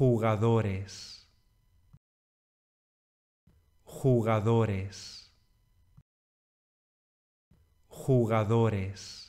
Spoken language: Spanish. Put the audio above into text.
jugadores, jugadores, jugadores.